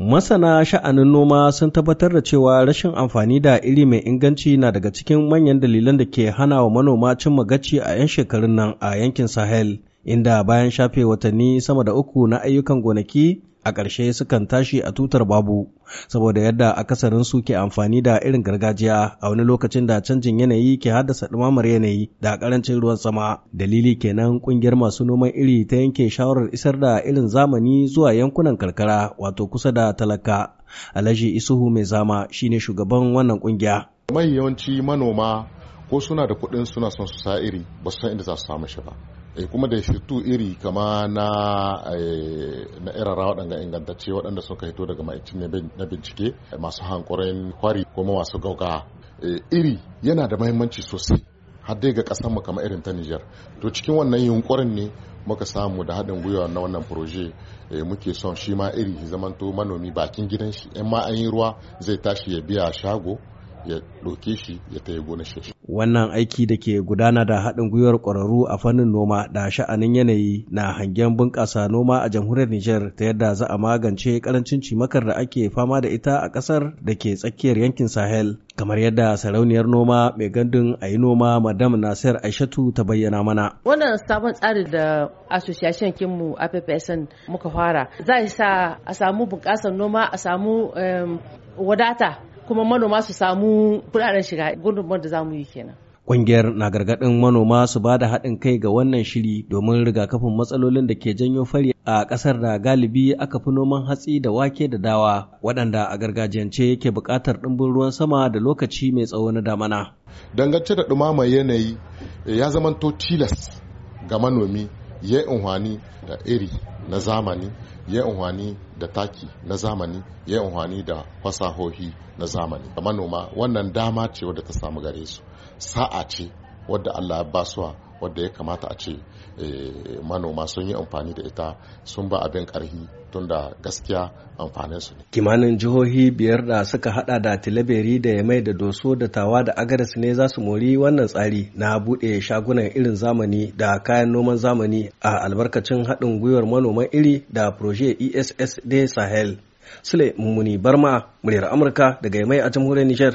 Masana sha'anin noma sun tabbatar da cewa rashin amfani da iri mai inganci na daga cikin manyan dalilan da ke hana wa manoma cimma gaci a 'yan shekarun nan a yankin Sahel, inda bayan shafe watanni sama da uku na ayyukan gonaki a ƙarshe sukan tashi a tutar babu saboda yadda akasarin su ke amfani da irin gargajiya a wani lokacin da canjin yanayi ke haddasa ɗumamar yanayi da ƙarancin ruwan sama dalili kenan ƙungiyar masu noman iri ta yanke shawarar isar da irin zamani zuwa yankunan karkara wato kusa da talaka alhaji isuhu mai zama shine shugaban wannan ƙungiya. mai yawanci manoma ko suna da kuɗin suna son su sa iri ba su san inda za su samu shi ba Eh, kuma da fito iri kama na eh, na irara waɗanda ingantacce waɗanda suka hito daga ma'aikacin na bincike eh, masu hankurin kwari kuma masu gauka iri yana da mahimmanci sosai har dai ga ƙasar mu kamar irin ta Nijar to cikin wannan yunkurin ne muka samu da haɗin gwiwa na wannan proje muke son shi ma iri zamanto manomi bakin gidan shi in ma an yi ruwa zai tashi ya biya shago ya ɗauke shi ya yi gonar shi Wannan aiki da ke gudana da haɗin gwiwar ƙwararru a fannin noma da sha'anin yanayi na hangen bunƙasa noma a jamhuriyar Nijar ta yadda za a magance ƙarancin cimakar da ake fama da ita a ƙasar da ke tsakiyar yankin Sahel. Kamar yadda sarauniyar noma mai gandun a yi noma Madam Nasir Aishatu ta bayyana mana. Wannan sabon tsari da association kinmu APPSN muka fara zai sa a samu bunƙasar noma a samu wadata kuma manoma su samu kudaden shiga gudunmawar da za mu yi kenan Ƙungiyar na gargaɗin manoma su ba da haɗin kai ga wannan shiri domin rigakafin matsalolin da ke janyo fari a ƙasar da galibi aka fi noman hatsi da wake da dawa waɗanda a gargajiyance yake buƙatar ɗumbin ruwan sama da lokaci mai tsawo na damana. Dangance da ɗumamar yanayi ya zamanto tilas ga manomi ya unhwani da iri na zamani ya unhwani da taki na zamani ya unhwani da fasahohi na zamani manoma wannan dama ce wadda ta samu gare su sa'a ce wadda allah ya basuwa wadda ya kamata a ce eh, manoma sun yi amfani da ita sun ba abin karhi tunda gaskiya amfanin su ne kimanin jihohi biyar da suka hada da tilaberi da yamai da doso da tawa da agadas ne za su mori wannan tsari na buɗe shagunan irin zamani da kayan noman zamani a albarkacin haɗin gwiwar manoman iri da proje ess de sahel sule mummuni barma muryar amurka daga yamai a jamhuriyar nijar